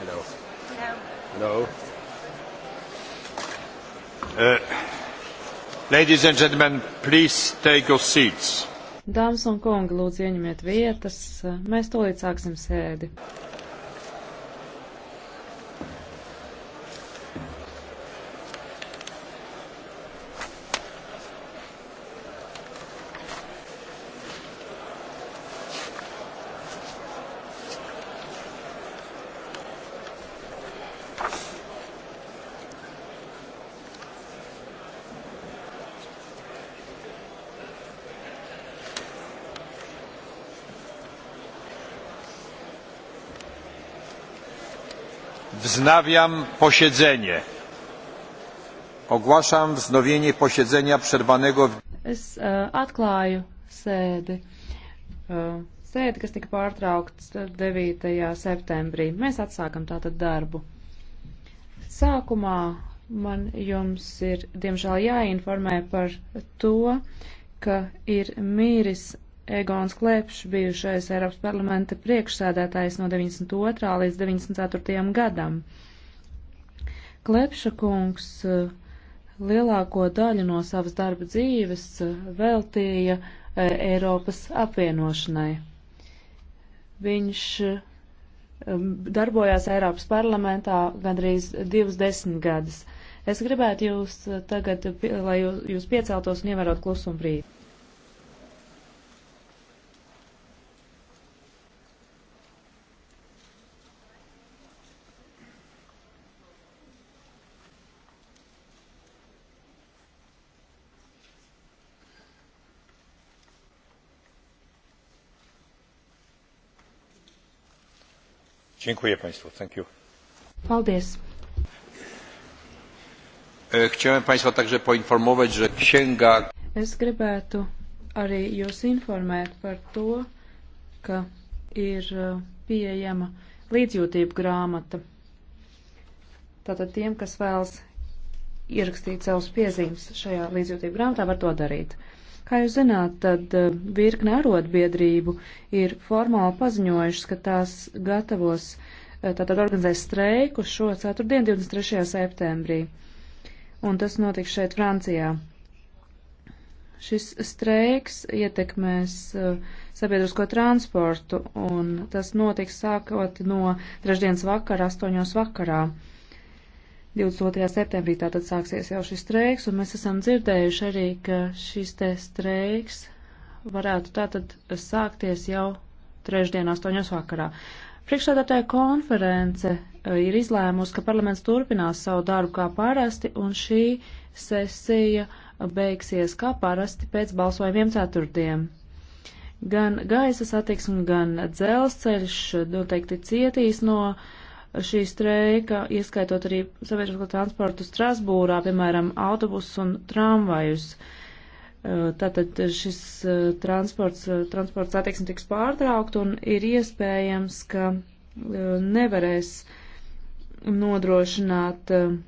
Hello. Hello. Hello. Uh, ladies and gentlemen, please take your seats. Dāmas un kungi, lūdzu ieņemiet vietas. Mēs tūlīt sāksim sēdi. Wznawiam posiedzenie. Ogłaszam wznowienie posiedzenia przerwanego w... Es uh, atklāju sēdi. Uh, sēdi, kas tika pārtraukts 9. septembrī. Mēs atsākam tātad darbu. Sākumā man jums ir, diemžēl, jāinformē par to, ka ir mīris Egons Klepš, bijušais Eiropas parlamenta priekšsēdētājs no 92. līdz 94. gadam. Klepša kungs eh, lielāko daļu no savas darba dzīves eh, veltīja eh, Eiropas apvienošanai. Viņš darbojās Eiropas parlamentā gandrīz divas desmitgades. Es gribētu jūs tagad, lai jūs pieceltos un ievērot klusumbrīdi. Dziękuję Państwu. Thank you. Paldies. E, chciałem Państwa także poinformować, że księga. Es gribētu arī jūs informēt par to, ka ir e, pieejama līdzjūtību grāmata. Tātad tiem, kas vēlas ierakstīt savus piezīmes šajā līdzjūtību grāmatā, var to darīt. Kā jūs zināt, tad eh, virkne arotbiedrību ir formāli paziņojušas, ka tās gatavos, eh, tātad organizēs streiku šo ceturtdien, 23. septembrī. Un tas notiks šeit Francijā. Šis streiks ietekmēs eh, sabiedrisko transportu, un tas notiks sākot no trešdienas vakara, astoņos vakarā. 8. vakarā 22. septembrī tātad sāksies jau šis streiks, un mēs esam dzirdējuši arī, ka šis te streiks varētu tātad sākties jau trešdien, 8. vakarā. Priekšsēdētāja konference e, ir izlēmusi, ka parlaments turpinās savu darbu kā parasti, un šī sesija beigsies kā parasti pēc balsojumiem ceturtdiem. Gan gaisa satiksme, gan dzelzceļš noteikti cietīs no uh, šī streika, ieskaitot arī sabiedrisko transportu Strasbūrā, piemēram, autobusus un tramvajus. Uh, tātad šis uh, transports, uh, transports attieksme tiks pārtraukt un ir iespējams, ka nevarēs nodrošināt uh,